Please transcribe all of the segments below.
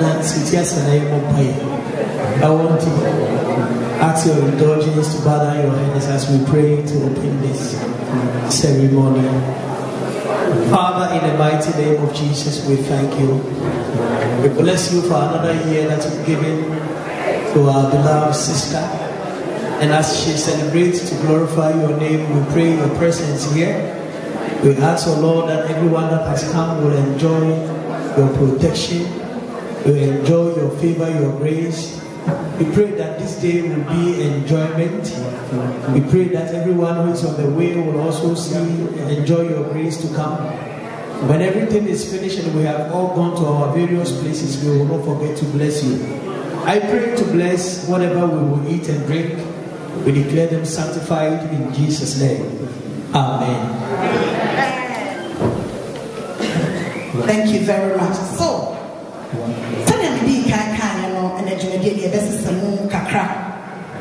na the sana yɛ mɔmpa I want to ask your indulgence to bow down your heads as we pray to open this ceremony. Father, in the mighty name of Jesus, we thank you. We bless you for another year that you've given to our beloved sister. And as she celebrates to glorify your name, we pray your presence here. We ask, O oh Lord, that everyone that has come will enjoy your protection, to enjoy your favor, your grace. We pray that this day will be enjoyment. We pray that everyone who is on the way will also see and enjoy your grace to come. When everything is finished and we have all gone to our various places, we will not forget to bless you. I pray to bless whatever we will eat and drink. We declare them sanctified in Jesus' name. Amen. Thank you very much. So,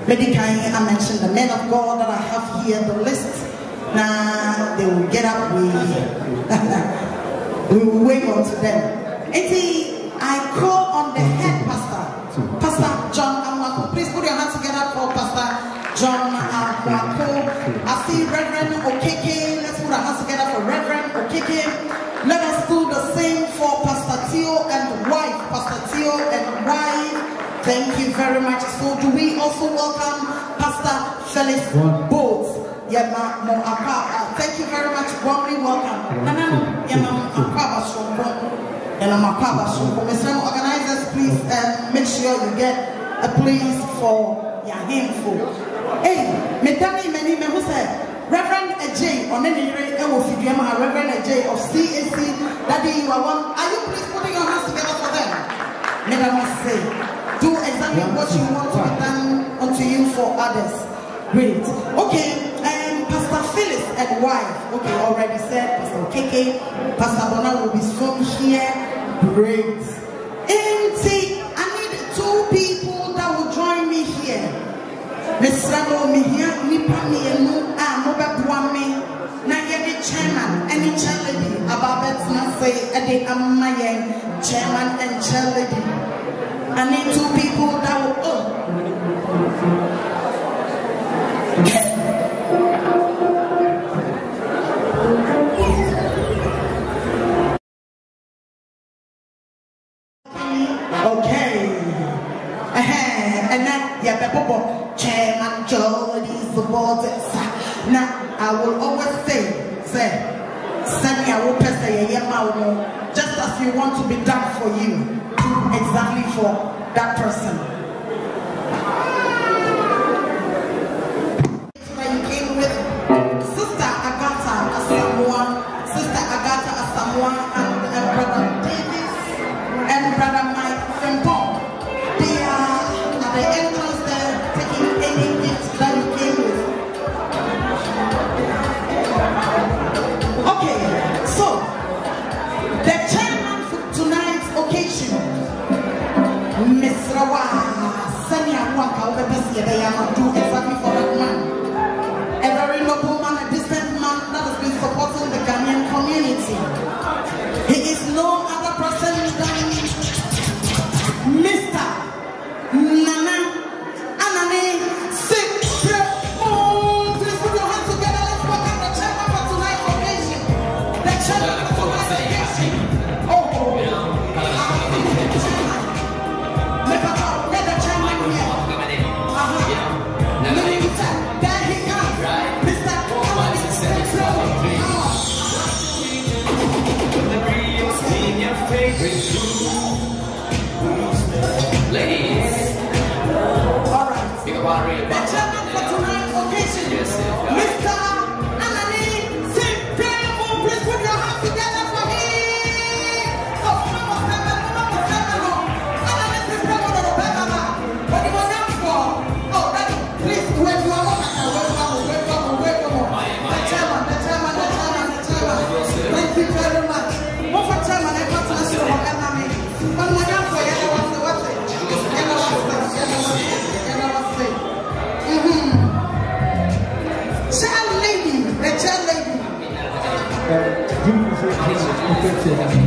Medikai, I mentioned the men of God that I have here, the list. Now they will get up with, we will wait on to them. And see, I call very much. So do we also welcome Pastor Felix Boats. Yema mo akaba. Thank you very much. Warmly welcome. Nana yema akaba shombo. Yema akaba shombo. Mr. Organizers, please um, make sure you get a place for your handful. Hey, medani meni mehu se. Reverend Ajay, on any rate, Reverend Ajay of CAC, Daddy, you are one. Are you please putting your hands together for them? Madam, say. Do exactly what you want to be done unto you for others. Great. Okay, um, Pastor Phyllis and wife. Okay, already said. Pastor KK. Pastor Bona will be soon here. Great. Empty. I need two people that will join me here. Mesrado me here. Nipa me enu. Ah, mobe me. Na yedi chairman. Any chairman. Ababets Ababet na say. Edi amma yen. Chairman and chair I need two people that will. own. Uh. 谢谢。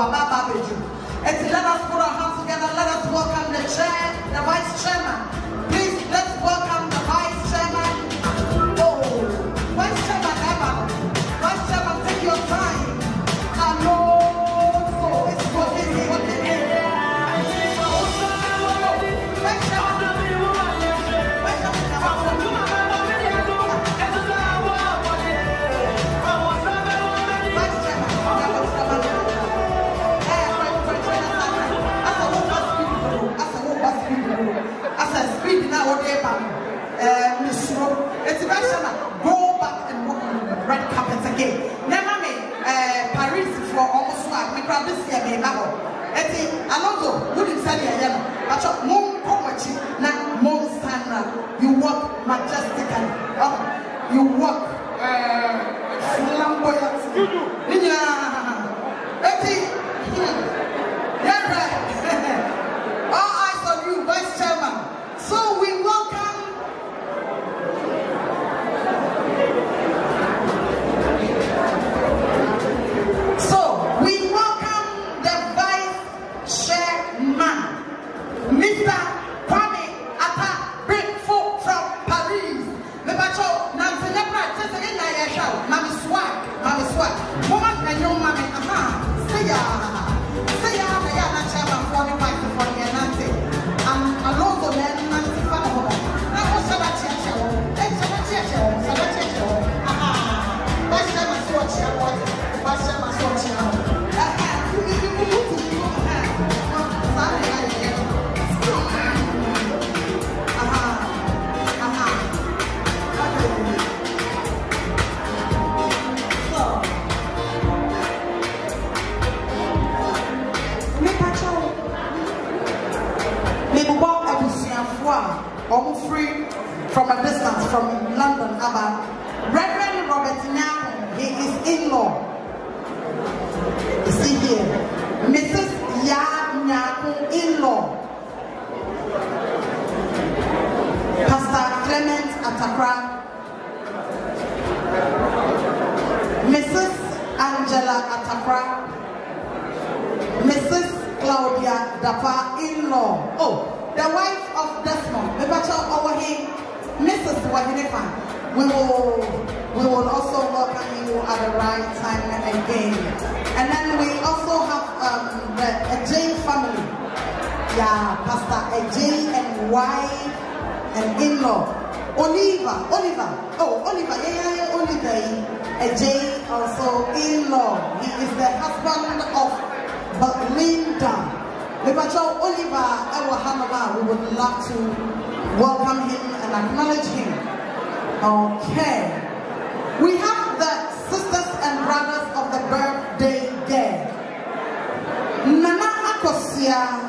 babá, babá, You Kosia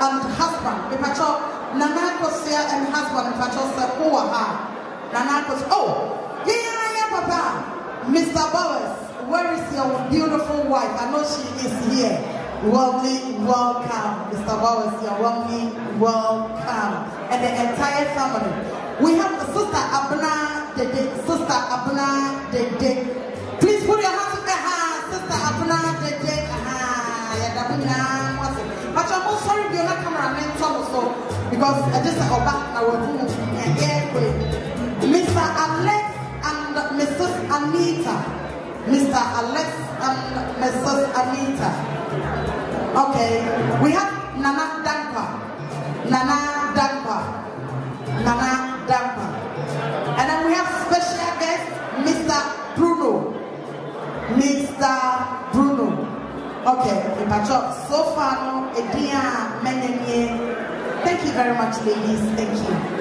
and husband. Mepacho, Nana Kosia and husband, Mepacho Sepuaha. Nana Kosia, oh, here yeah, yeah, Papa. Mr. Bowers, where is your beautiful wife? I know she is here. Warmly welcome, Mr. Bowers. You're warmly welcome. And the entire family. We have sister Abna Dede. Sister Abna Dede. Please put your hands up, Sister Abna Dede. Ah, yeah, I'm sorry sorry, you're not camera men, so because I just said, Oba, I will do it anyway. Mr. Alex and Mrs. Anita. Mr. Alex and Mrs. Anita. Okay, we have Nana Dampa. Nana Dampa. Nana Dampa. And then we have special guest, Mr. Bruno. Mr. Bruno. Okay, Mpacho, so far, a dear, many, thank you very much, ladies. Thank you.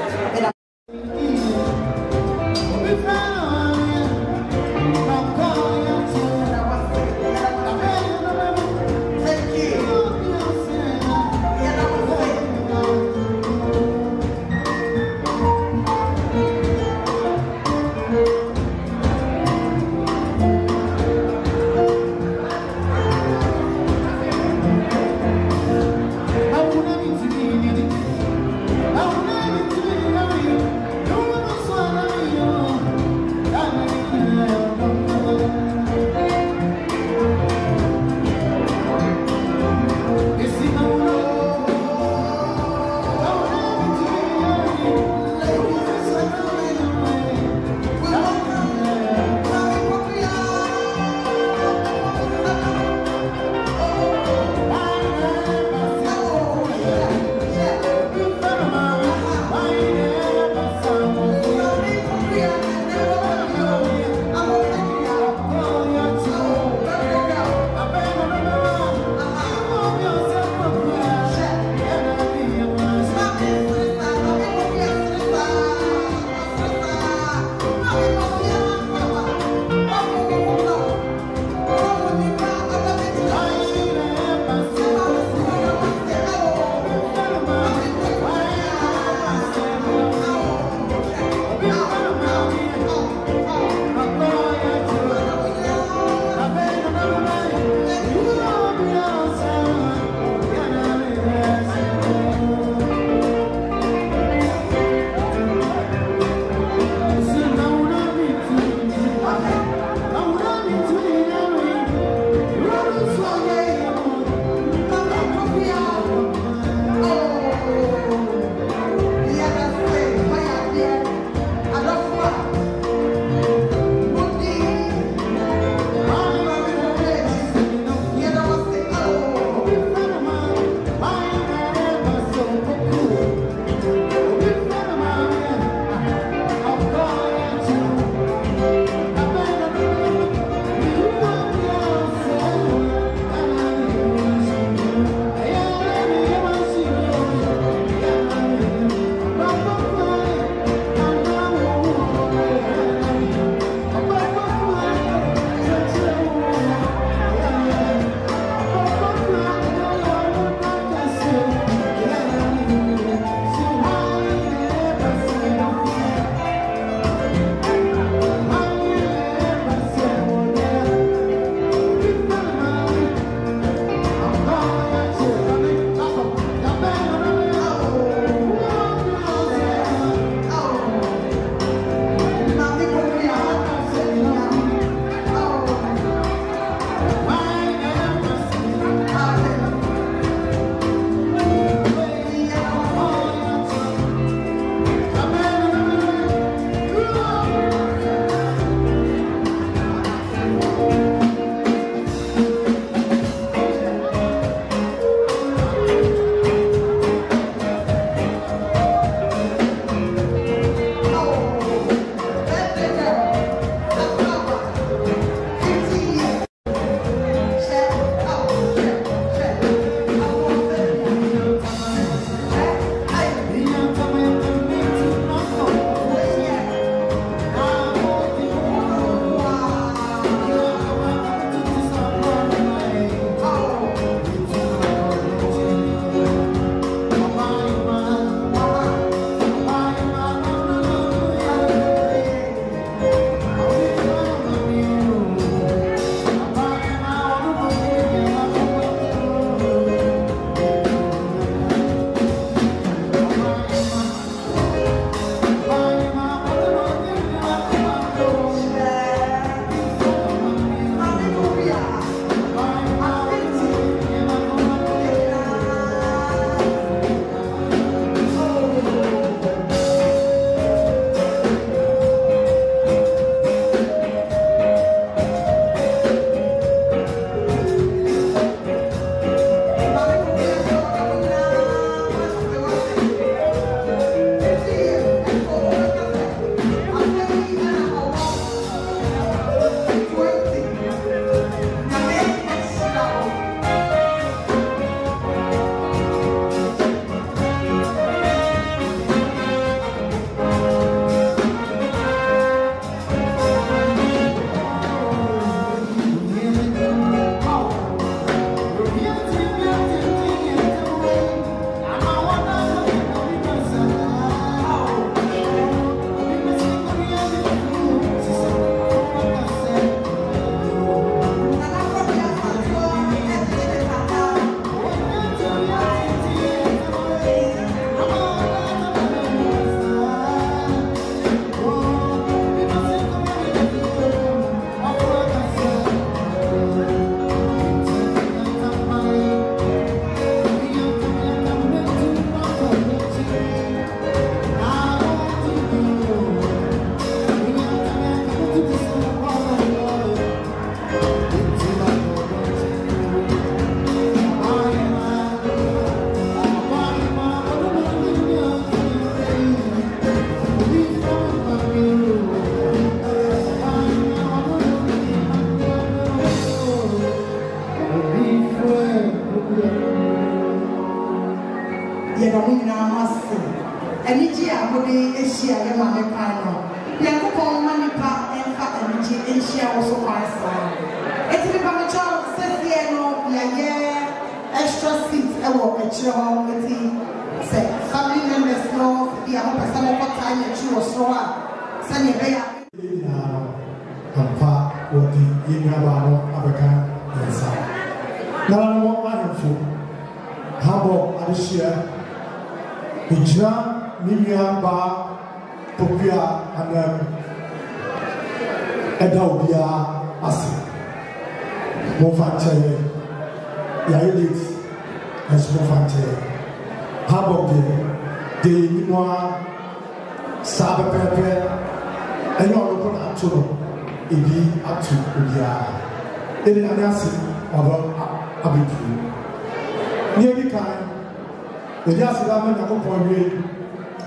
nyankopɔn wie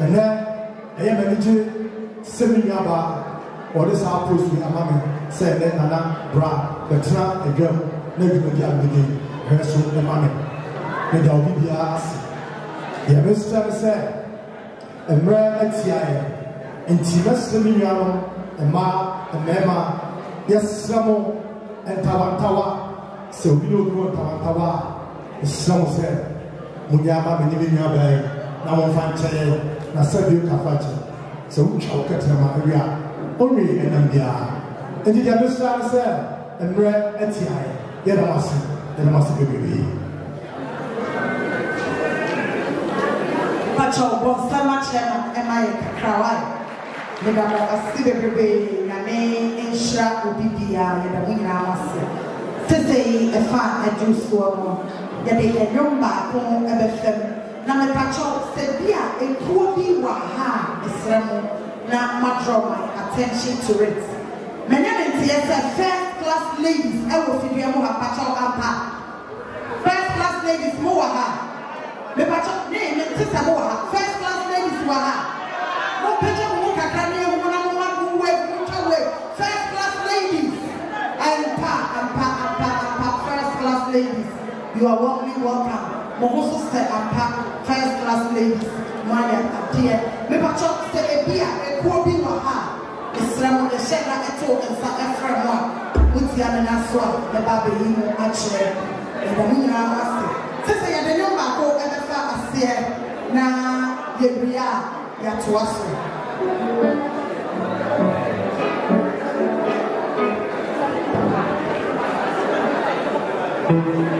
ɛnɛ ɛyɛ m'anigye sɛ me nuabaa ɔde saa post yi ama me sɛ ɛnɛ nana bra bɛtena adwam na dwumadi a mede hwɛ so ma me meda obi biara ase yɛbɛsrɛ me sɛ mmerɛ atia yɛ nti mɛsrɛ me nua no mmaa mmarima yɛsrɛ mo ntawantawa sɛ obi ne obi wɔ ntawantawa a ɛsrɛ mo sɛ mo nyɛ ama me ne me nua bɛɛ na wɔmfa nkyɛn yɛ na sɛdeɛ kafa kyɛ sɛ wotwa wo kɛtɛma awi a ɔnwee ɛnam biara ɛnti deɛ mesra ne sɛ mmerɛ ɛte ayɛ yɛnam ase yɛnam ase bebrebee pakyɛ bɔ nsɛm akyerɛ no ɛma yɛ kakrawa medabɔ ase bebrebee na me nhyira obi biara yɛdamo nyinaa ma se sesei ɛfa aduru soɔ no yɛde yɛ nnwom baako ɛbɛfam na mepatwɔ sɛ bi a ekuo bi wɔ ha a mesrɛ mo na draw my attention to it mene ne nteɛ sɛ first class ladies ɛwɔ e fidua mu ha patwɔ ampa first class ladies mo wɔ ha mepatwɔ ne ne nte sɛ mo wɔ ha first class ladies wɔ ha mo pɛtɛ mo mo kakra ne ewu na mo ma mo wɛ mo twɛ wɛ first class ladies ampa ampa ampa ampa first class ladies you are warmly welcome mo ho so sɛ apa first class ladies mo ayɛ adeɛ mepatwɔ sɛ ebi a ekuo bi wɔ ha esrɛ mo ehyɛ na ɛto e nsa e ɛfrɛ e mo a wotia ne na so a ɛba abɛyi mo akyerɛ ɛwɔ mo nyinaa mo ase sisi yɛde ne baako ɛbɛfa aseɛ na yɛwia a yɛatoa so. Thank you.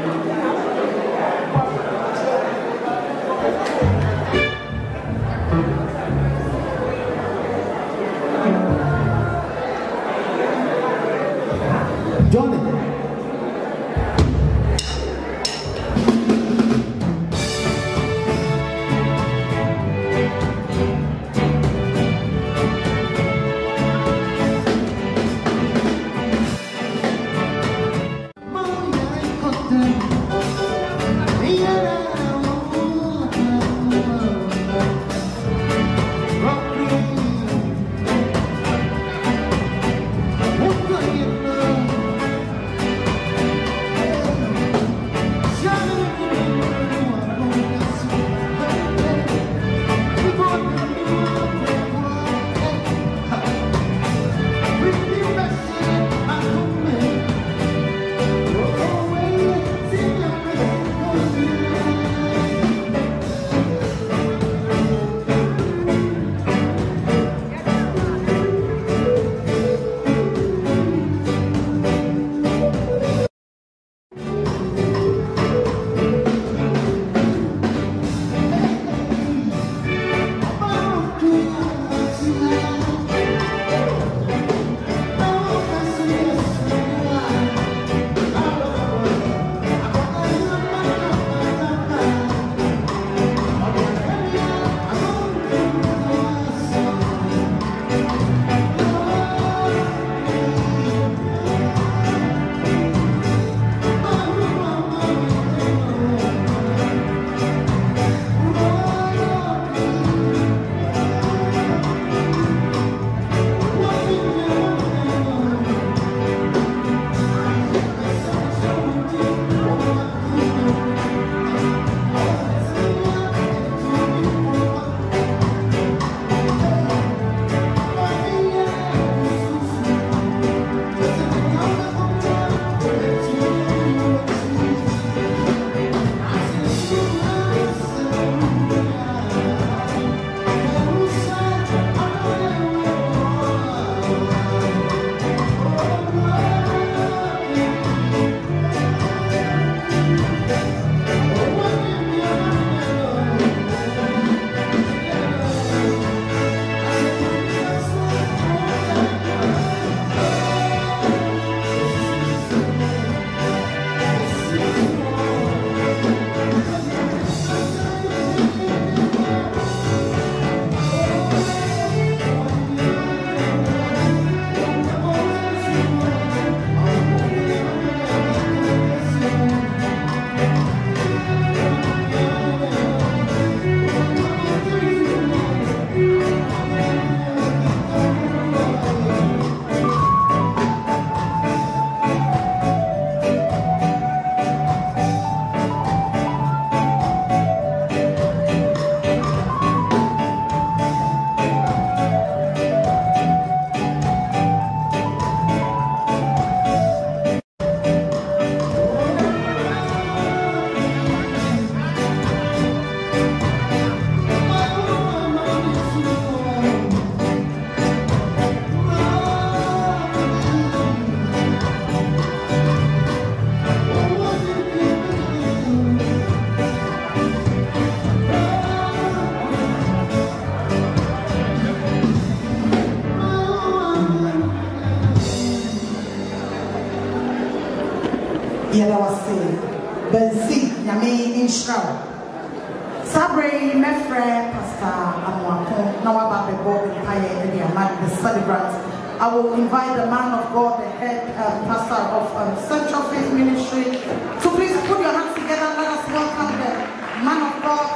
Friday and they among the celebrants. I will invite the man of God, the head um, pastor of um, Central Faith Ministry, to so please put your hands together let us welcome the man of God.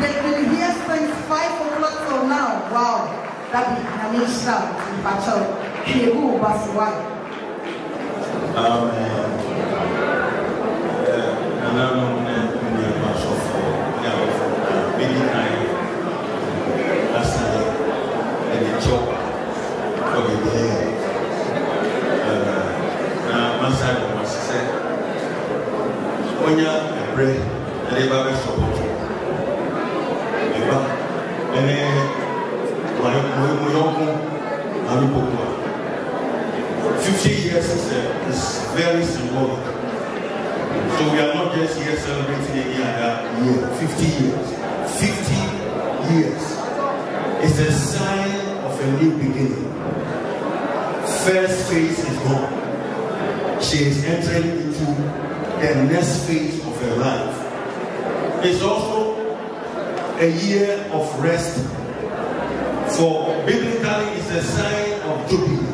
They've been here since 5 o'clock till now. Wow. That be Namisha Ipacho. Kibu Basuwa. Amen. Yeah. And, um, uh, uh, a year of rest. For biblically, it's a sign of Jubilee.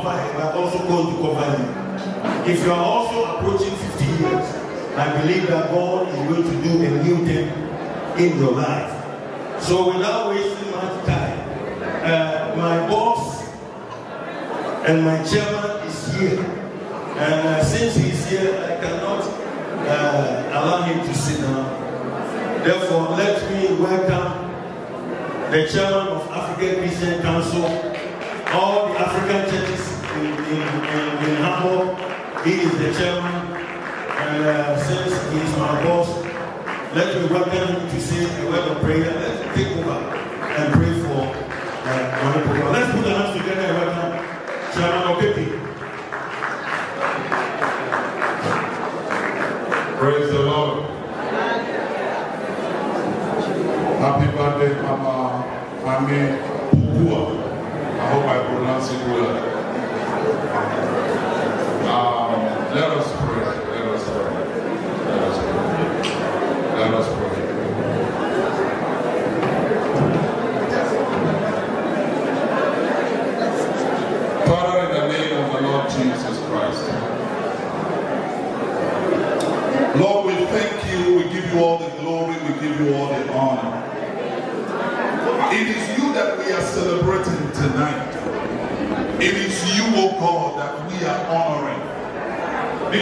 cover also going to cover you. If you are also approaching 50 years, I believe that God is going to do a new thing in your life. So without wasting much time, uh, my boss and my chairman is here. And uh, since he's here, I cannot uh, allow him to sit down. Therefore, let me welcome the chairman of African Christian Council, all African churches in, in, in, in Hamburg. He is the chairman. Uh, since he is my boss, let me welcome him to say a word of prayer. Let's take over and pray for uh, Let's put the hands together and welcome Chairman Okepi. Praise the Lord. Happy birthday, Mama Mami Pukua. I hope I pronounce it well. Um, let us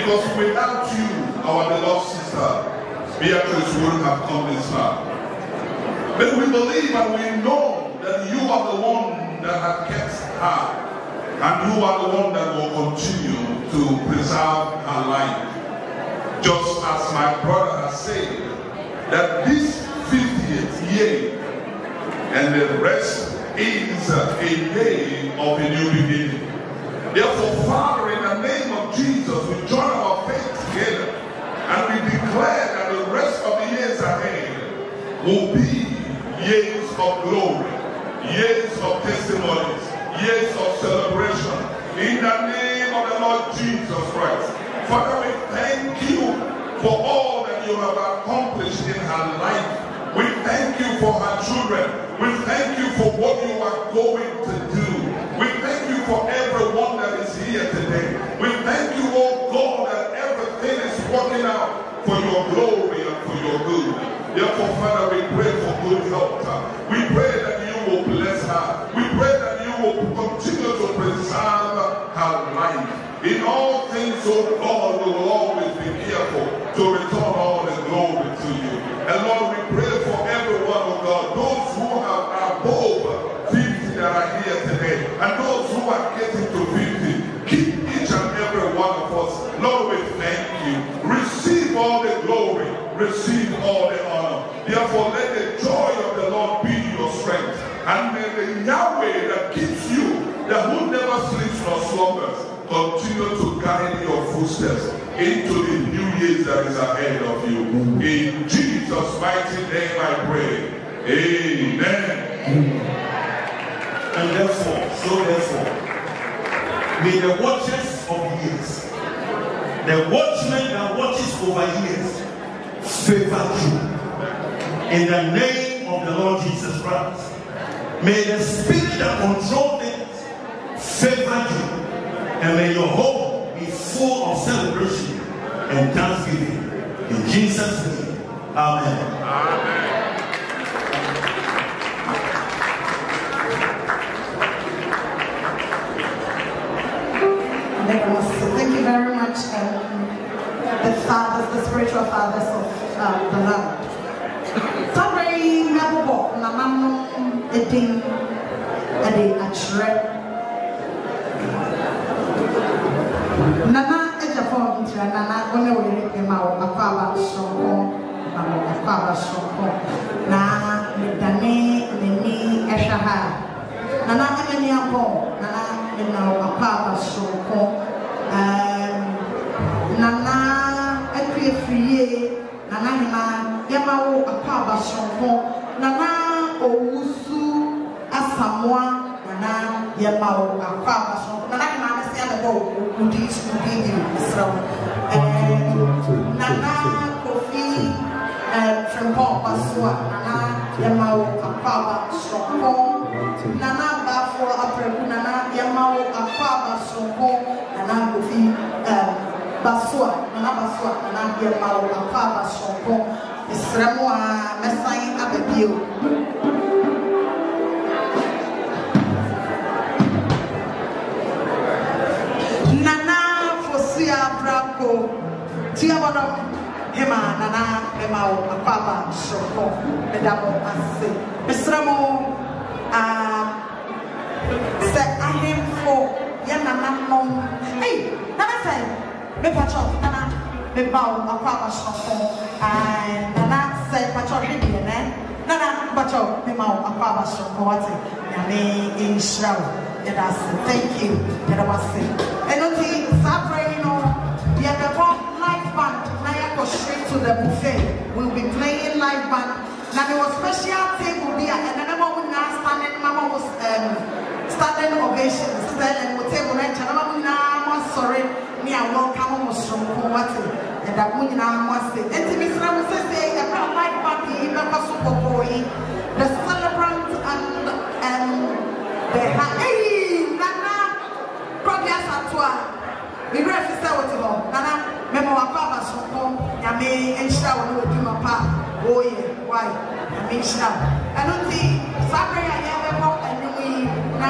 Because without you, our beloved sister, Beatrice wouldn't have come this far. But we believe and we know that you are the one that has kept her. And you are the one that will continue to preserve her life. Just as my brother has said, that this 50th year and the rest is a day of a new beginning. Therefore, Father, in the name of Jesus, we join our faith together and we declare that the rest of the years ahead will be years of glory, years of testimonies, years of celebration. In the name of the Lord Jesus Christ. Father, we thank you for all that you have accomplished in her life. We thank you for her children. We thank you for what Therefore, Father, we pray for good health. We pray that you will bless her. We pray that you will continue to preserve her life. In all things, O oh God, we will always be careful to return all the glory to you. And Lord, and Yahweh that keeps you, that who never sleeps nor slumbers, continue to guide your footsteps into the new years that is ahead of you. In Jesus' mighty name I pray. Amen. And therefore, so therefore, may the watches of years, the watchman that watches over years, favor you. In the name of the Lord Jesus Christ. May the spirit that controls it favor you. And may your home be full of celebration and thanksgiving. In Jesus' name. Amen. Amen. thank you very much, um, the fathers, the spiritual fathers of um, the land. thing that a attract. Nana ɛgya fɔm nti na nana ɔne wɔyere pɛm a ɔbakɔ aba soronko na ɔbakɔ aba soronko na medane n'ani ɛhwɛ ha nana ɛnani abɔ nana ɛna ɔbakɔ aba soronko ɛɛm nana ɛkɔ efiri yie nana nyinaa yɛma wo akɔ aba ma wo akɔ aba so na na maame si abɛbɔ odi sukuu bi di ɛsrɛ wo ɛɛ nana kofi ɛɛ trempɔ ɔba so a nana yɛ ma wo akɔ aba sɔkɔ nana abaafo apɛrɛku nana yɛ ma wo akɔ aba sɔkɔ nana kofi ɛɛ baso a nana baso a nana yɛ ma wo akɔ aba sɔkɔ ɛsrɛ mo a mɛsan abɛbie o. tia bɔ nana ɛma wo akwaba sorokɔ ɛda bɔ ase mesrɛ mo aa sɛ ahemfo yɛ nananom ei nana sɛ mepakyɛ nana meba wo akwaba sorokɔ aa nana say, pakyɛ ne deɛ nana mpakyɛ mema wo akwaba sorokɔ wate nyame nhyira wo yɛda ase thank you yɛda wo ase ɛno to the buffet. We'll be playing live band. Now there was special table there, and then mama would now standing, mama was um, standing ovation, standing with table and mama would now sorry, me and welcome was from Kumati, and that would not must say, and Miss Ram says, a brown light party, super boy, the celebrant and um, the hey, Nana, progress at work. me brɛ fi sɛ wote hɔ nana mɛma wakɔ abasɔnkɔ nyame nhyira wo ne wɔdwuma pa wɔyɛ wae nyame nhyira wo ɛno nti saa berɛ a yɛbɛbɔ anwom yi na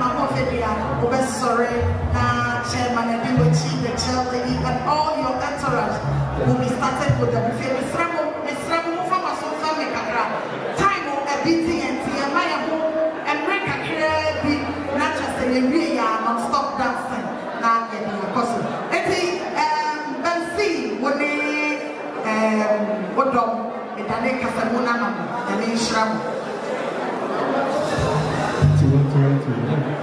mahɔfɛ bia wobɛsɔre na chairman adimɔkyi the chairlady and all your entourage will be started with them fie mesrɛ mo mesrɛ mo mofa maso mfa me kakra time ɛbi nti yɛnti yɛma yɛ ho mmerɛ kakraa bi na kyɛ sɛ yɛwie yɛ a non stop dancer awurade kasa mu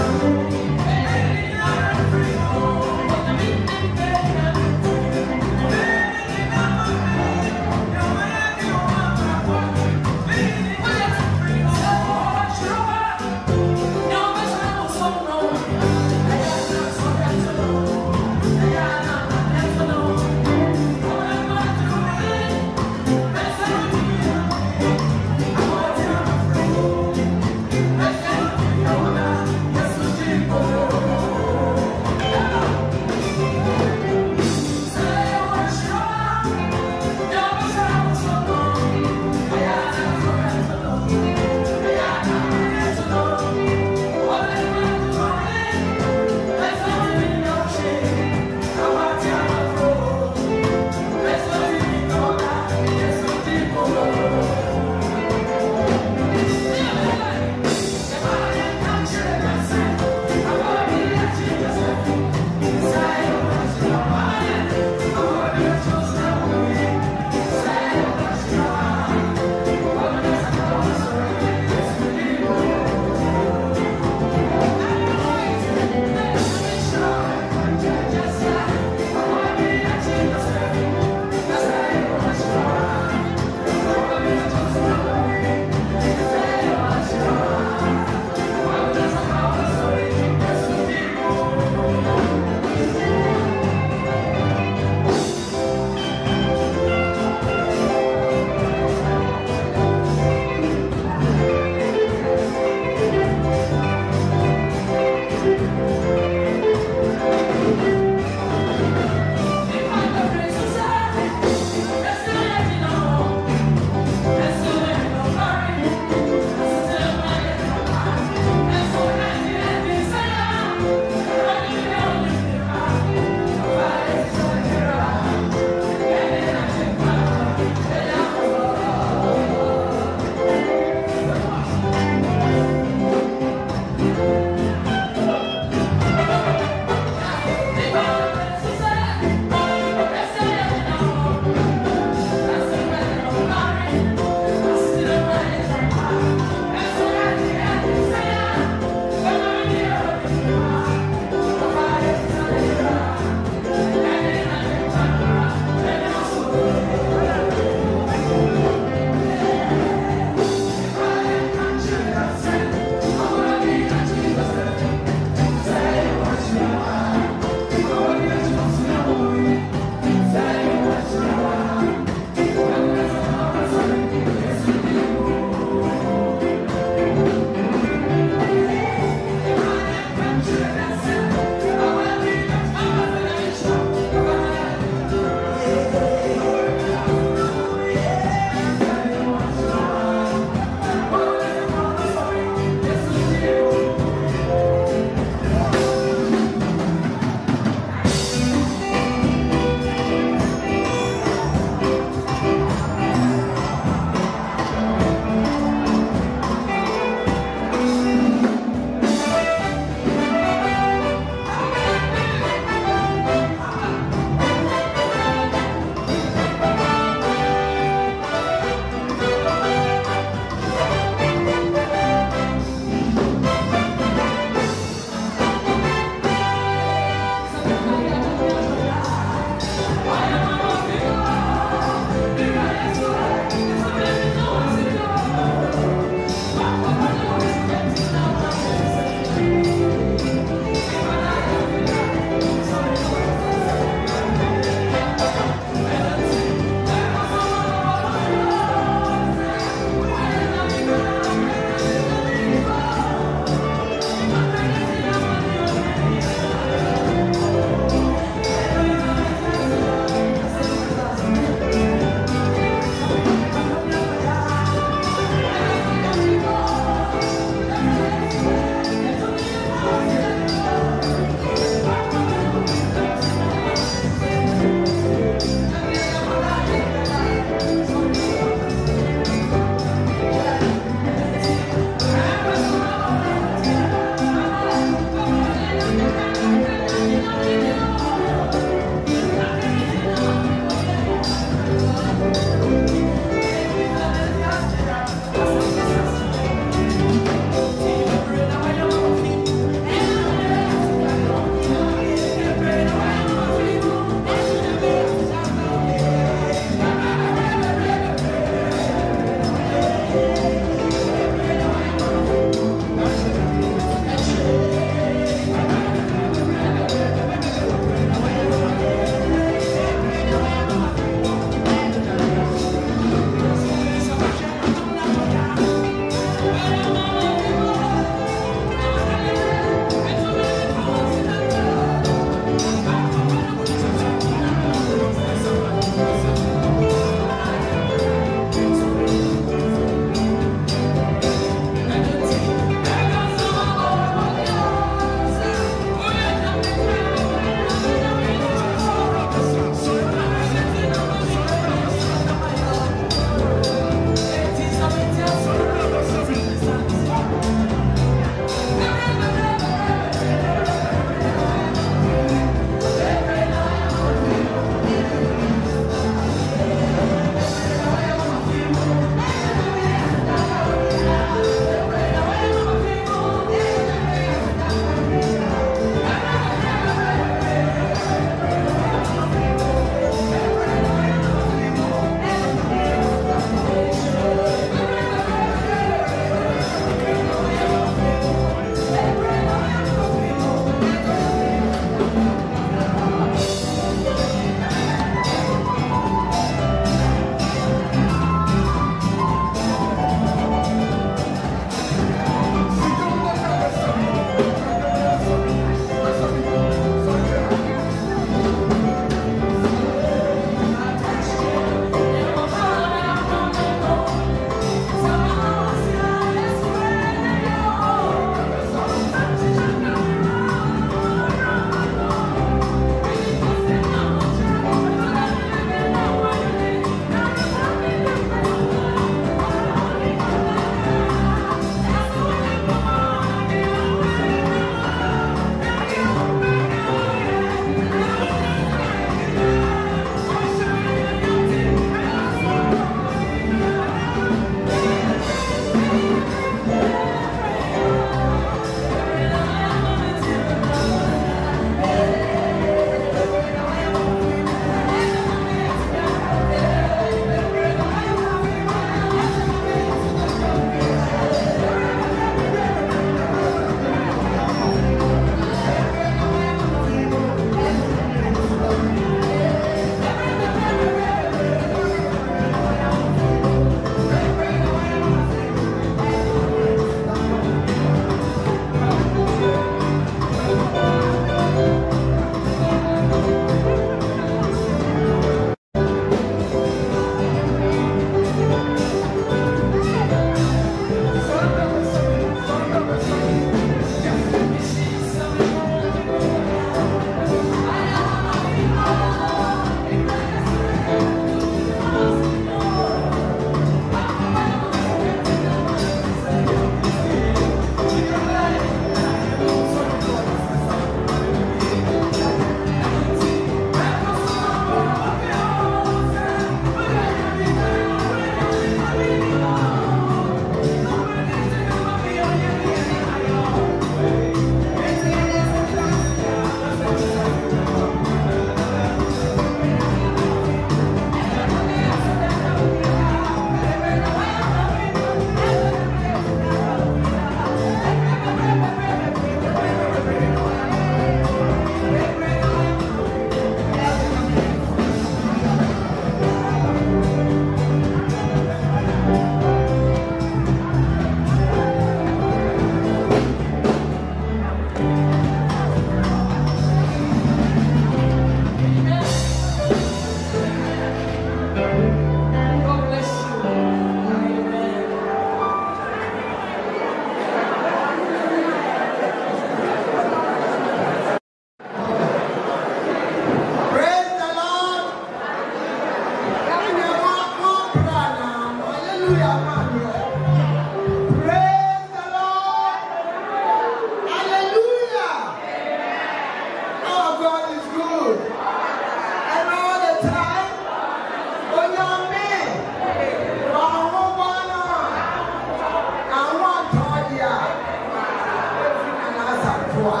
boa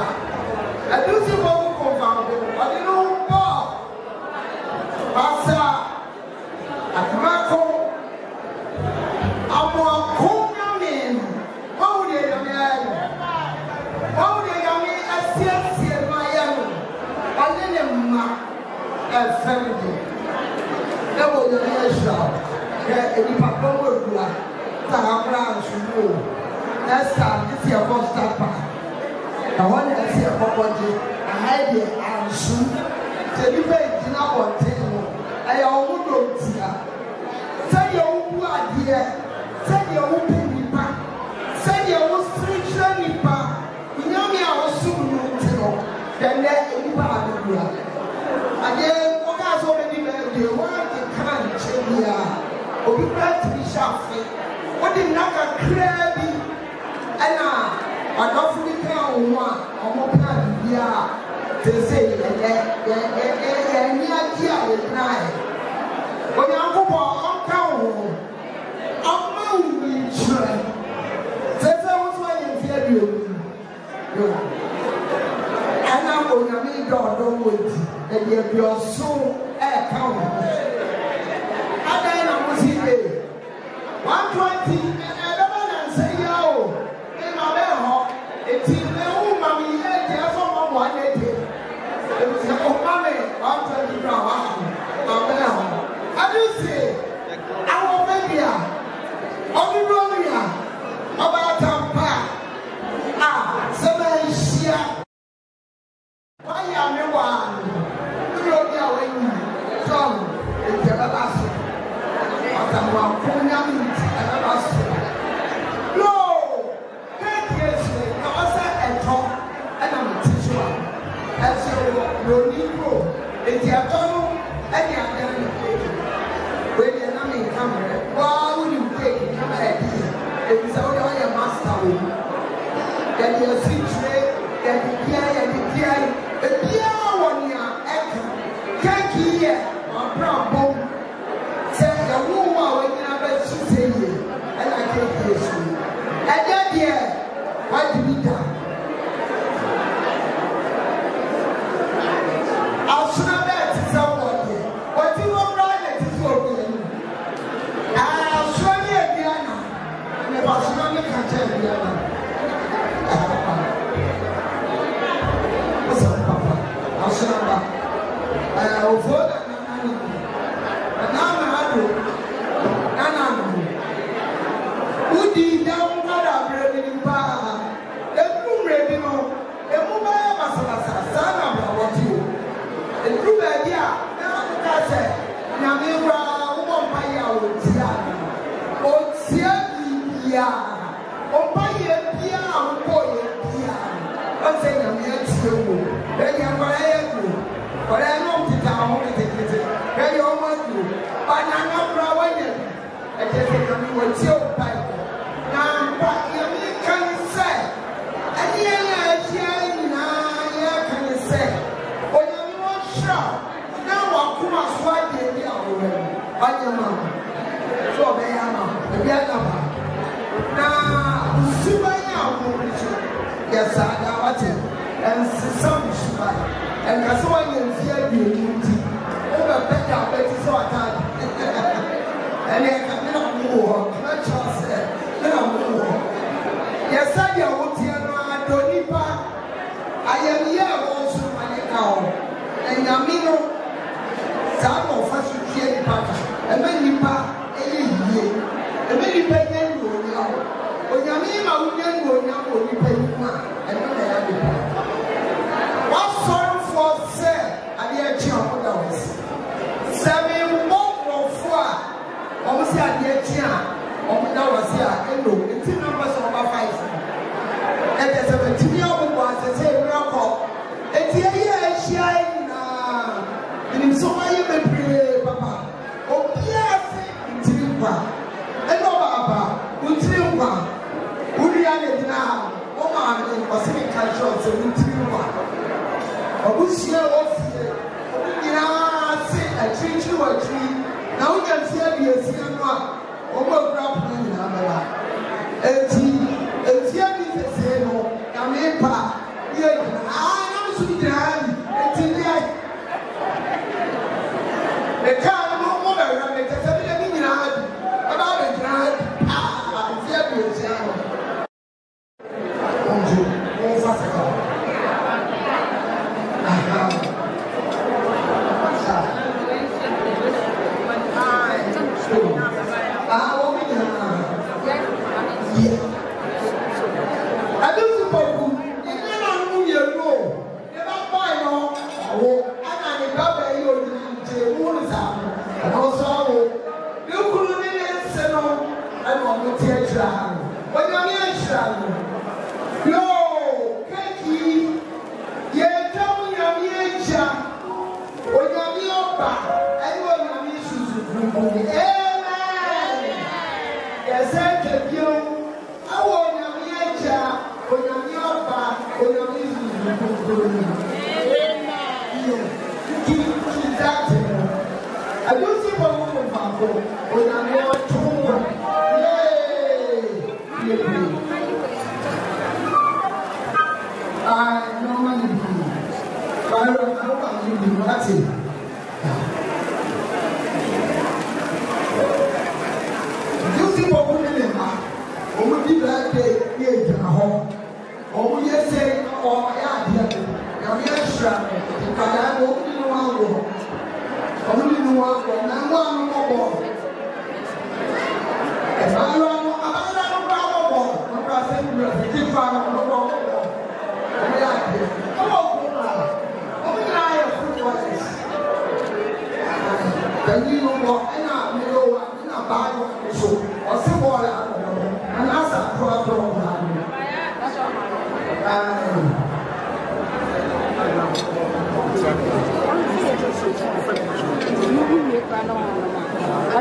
ɛnu si mo mu ko nfa mo ɔde no bɔɔl pasa akomako amoako nyame ɔwɔ deɛ nyame ayɛ no ɔwɔ deɛ nyame asiesie no ayɛ no ɔne ne mma ɛfɛm de ɛwɔ nyame ahyia hwɛ enipa kɔn mo dua saa akora nsuo ɛsa esi ɛkɔ stapa abɔnten aha yi deɛ ansu sɛ nipa yi gyina abɔnten no ɛyɛ ɔmo dɔm tia sɛdeɛ wobu adeɛ sɛdeɛ wopɛ nipa sɛdeɛ wosiri kyerɛ nipa nyame a wɔsom no nti no dɛnɛ nipa adadua adeɛ wɔka sɛ wɔbɛdi bɛɛdeɛ wɔn akeka nkyɛn bia obi kura tiri hyɛ afe wɔde nna kakraa. nhyira sɛsɛ wo so ayɛ mfeɛ aduonu ɛna onyame dɔ ɔdɔ wɔ nti ɛde aduɔso ɛɛka wo adan na one twenty Hallelujah kẹ́kì yẹ ọ̀nà bọ́ sẹ ẹ̀wọ̀n a wọ́n nyina bẹ́ẹ̀ sise yẹ ẹ̀yà kẹ́kì yẹ sùn ẹ̀dẹ́ díẹ̀. obi adaba na nsuba yi a wɔn so yɛ saa da wate nsesa nsuba yi nkasa wɔn yɛ nfi aduonu ti wɔn bɛ bɛ da abɛti sɛ wa wúlíà lè gyina ha wọ́n maa mi ọ̀sẹ̀ mi ka kyerɛ ọ̀sẹ̀ mi ti mi e wa e ọ̀bùsùn ẹ̀ wọ́n fi ẹ̀ ọ̀bù nyinaa se akyirikyiri wọ̀ akyiri na wọ́n yẹ ti ẹ̀ bìyẹ̀ si ẹ̀ nù a wọ́n bọ̀ kura pono nyinaa bẹ̀rẹ̀ a eti eti ẹ̀ bi sese no na mi pa yẹ gyina aa náà mi sùn gyina ha.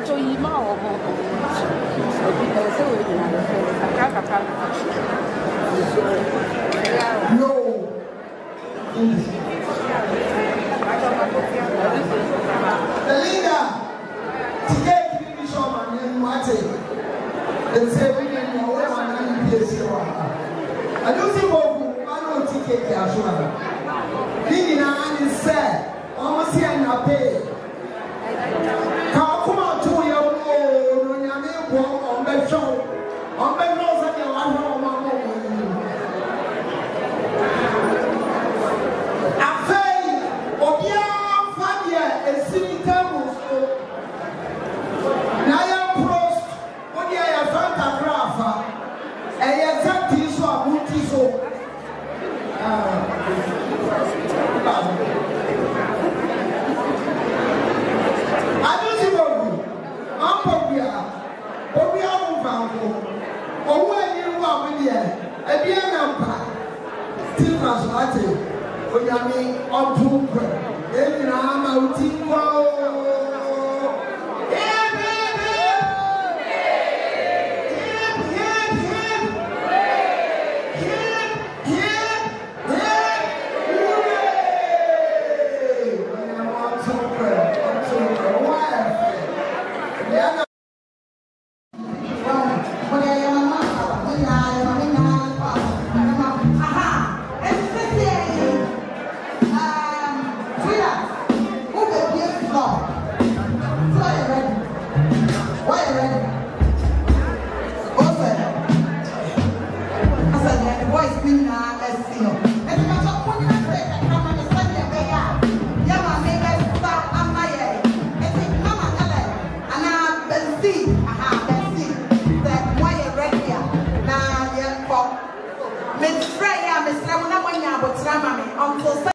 Amen.